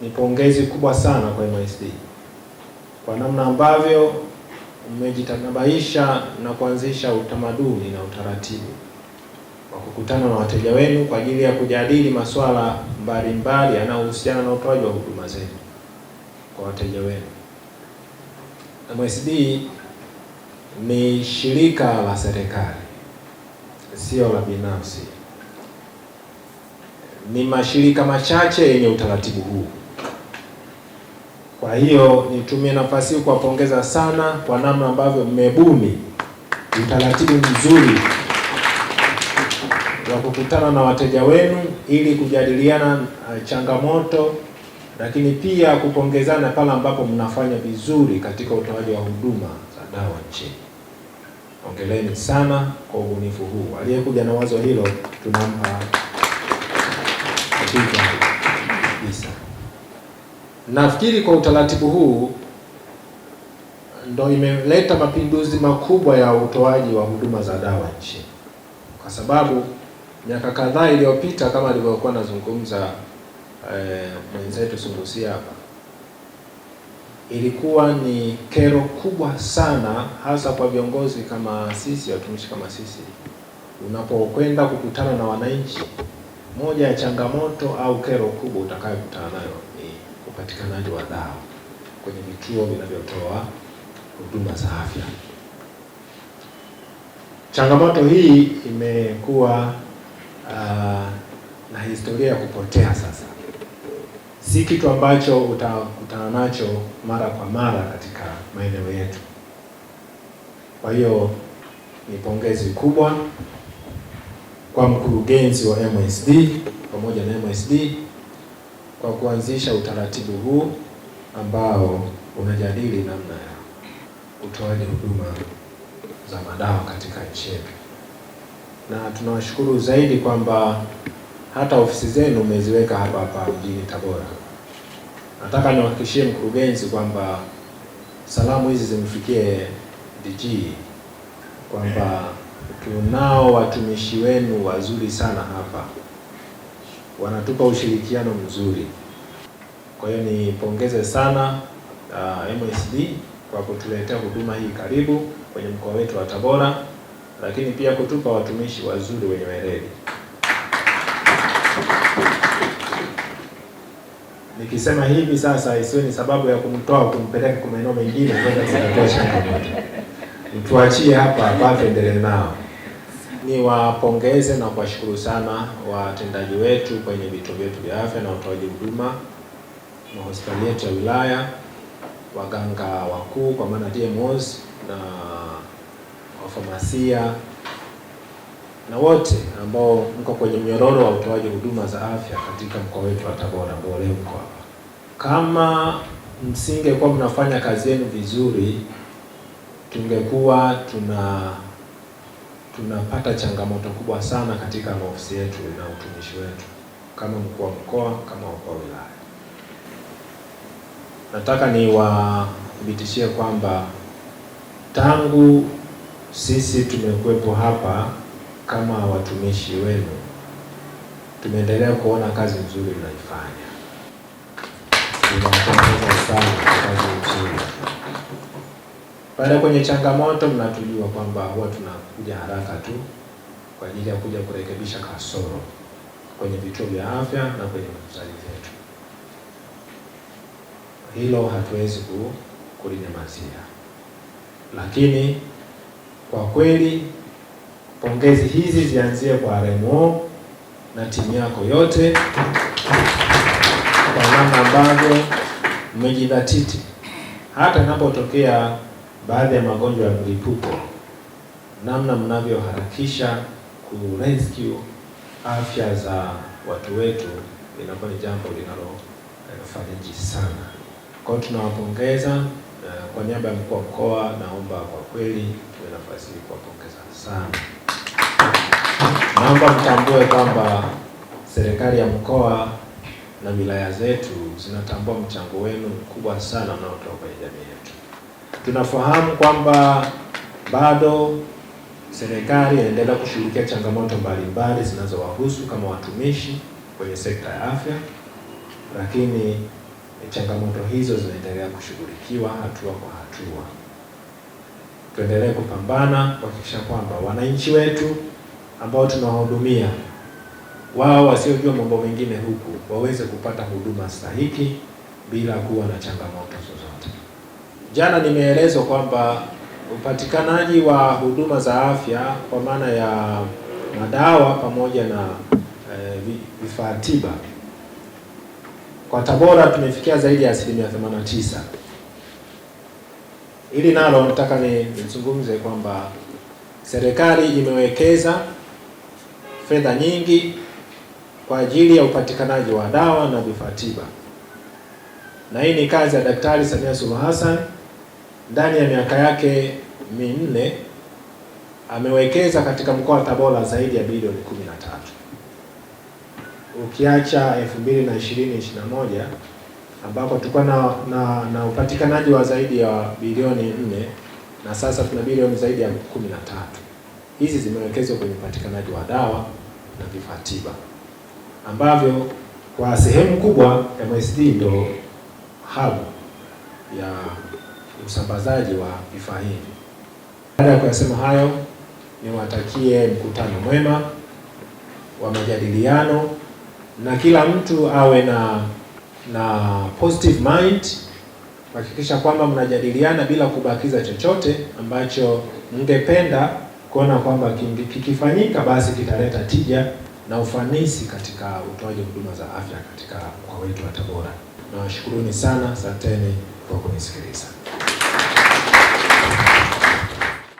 ni pongezi kubwa sana kwa MSD kwa namna ambavyo mmejitanabaisha na kuanzisha utamaduni na utaratibu wa kukutana na wateja wenu kwa ajili ya kujadili masuala mbalimbali yanayohusiana na utoaji wa huduma zenu kwa wateja wenu. MSD ni shirika la serikali, sio la binafsi. Ni mashirika machache yenye utaratibu huu. Kwa hiyo nitumie nafasi hii kuwapongeza sana kwa namna ambavyo mmebuni utaratibu mzuri wa kukutana na wateja wenu ili kujadiliana uh, changamoto, lakini pia kupongezana pale ambapo mnafanya vizuri katika utoaji wa huduma za dawa nchini. Ongeleni sana kwa ubunifu huu. Aliyekuja na wazo hilo tunampa kabisa. Nafikiri kwa utaratibu huu ndo imeleta mapinduzi makubwa ya utoaji wa huduma za dawa nchini, kwa sababu miaka kadhaa iliyopita kama alivyokuwa nazungumza eh, mwenzetu Sungusia hapa, ilikuwa ni kero kubwa sana, hasa kwa viongozi kama sisi, watumishi kama sisi, unapokwenda kukutana na wananchi, moja ya changamoto au kero kubwa utakayokutana nayo upatikanaji wa dawa kwenye vituo vinavyotoa huduma za afya. Changamoto hii imekuwa uh, na historia ya kupotea sasa. Si kitu ambacho utakutana nacho mara kwa mara katika maeneo yetu. Kwa hiyo ni pongezi kubwa kwa mkurugenzi wa MSD pamoja na MSD kwa kuanzisha utaratibu huu ambao unajadili namna ya utoaji huduma za madawa katika nchi yetu, na tunawashukuru zaidi kwamba hata ofisi zenu umeziweka hapa hapa mjini Tabora. Nataka niwahakikishie mkurugenzi kwamba salamu hizi zimfikie DG kwamba tunao watumishi wenu wazuri sana hapa, wanatupa ushirikiano mzuri. Kwa hiyo nipongeze sana uh, MSD kwa kutuletea huduma hii karibu kwenye mkoa wetu wa Tabora, lakini pia kutupa watumishi wazuri wenye weledi. Nikisema hivi sasa isiwe ni sababu ya kumtoa kumpeleka kwa maeneo mengine kwenda kutosha. Mtuachie hapa ambapo endelee nao. Niwapongeze na kuwashukuru sana watendaji wetu kwenye vituo vyetu vya afya na utoaji huduma mahospitali yetu ya wilaya, waganga wakuu kwa maana DMOs na wafamasia na wote ambao mko kwenye mnyororo wa utoaji huduma za afya katika mkoa wetu wa Tabora ambao leo mko hapa. Kama msingekuwa mnafanya kazi yenu vizuri, tungekuwa tuna tunapata changamoto kubwa sana katika maofisi yetu na utumishi wetu kama mkuu wa mkoa, kama mkuu wa wilaya nataka niwathibitishie kwamba tangu sisi tumekuwepo hapa kama watumishi wenu, tumeendelea kuona kazi nzuri mnaifanya. Tunapongeza sana kazi nzuri. Pale kwenye changamoto, mnatujua kwamba huwa tunakuja haraka tu kwa ajili ya kuja kurekebisha kasoro kwenye vituo vya afya na kwenye hospitali zetu hilo hatuwezi kulinyamazia, lakini kwa kweli pongezi hizi zianzie kwa RMO na timu yako yote kwa namna ambavyo mmejidhatiti hata inapotokea baadhi ya magonjwa ya mlipuko, namna mnavyoharakisha ku rescue afya za watu wetu inakuwa ni jambo linalofanyiji eh, sana. Kwa hiyo tunawapongeza eh, kwa niaba ya mkuu wa mkoa naomba kwa kweli tuwe nafasi hii kuwapongeza sana. Naomba mtambue kwamba serikali ya mkoa na wilaya zetu zinatambua mchango wenu mkubwa sana unaotoa kwenye jamii yetu. Tunafahamu kwamba bado serikali inaendelea kushughulikia changamoto mbalimbali zinazowahusu kama watumishi kwenye sekta ya afya, lakini Eh, changamoto hizo zinaendelea kushughulikiwa hatua kwa hatua. Tuendelee kupambana kuhakikisha kwamba wananchi wetu ambao tunawahudumia wao wasiojua mambo mengine huku waweze kupata huduma stahiki bila kuwa na changamoto zozote. Jana nimeelezwa kwamba upatikanaji wa huduma za afya kwa maana ya madawa pamoja na eh, vifaa tiba kwa Tabora tumefikia zaidi ya asilimia 89. Ili nalo nataka nizungumze kwamba serikali imewekeza fedha nyingi kwa ajili ya upatikanaji wa dawa na vifaa tiba, na hii ni kazi ya Daktari Samia Suluhu Hassan. Ndani ya miaka yake minne amewekeza katika mkoa wa Tabora zaidi ya bilioni 13 ukiacha 2020-2021 ambapo tulikuwa na, na, na upatikanaji wa zaidi ya bilioni nne na sasa tuna bilioni zaidi ya kumi na tatu. Hizi zimewekezwa kwenye upatikanaji wa dawa na vifaa tiba ambavyo kwa sehemu kubwa MSD ndio hub ya usambazaji wa vifaa hivi. Baada ya kuyasema hayo, niwatakie mkutano mwema wa majadiliano na kila mtu awe na na positive mind, kuhakikisha kwamba mnajadiliana bila kubakiza chochote ambacho mngependa kuona kwamba kikifanyika basi kitaleta tija na ufanisi katika utoaji huduma za afya katika mkoa wetu wa Tabora. Nawashukuruni sana, asanteni kwa kunisikiliza.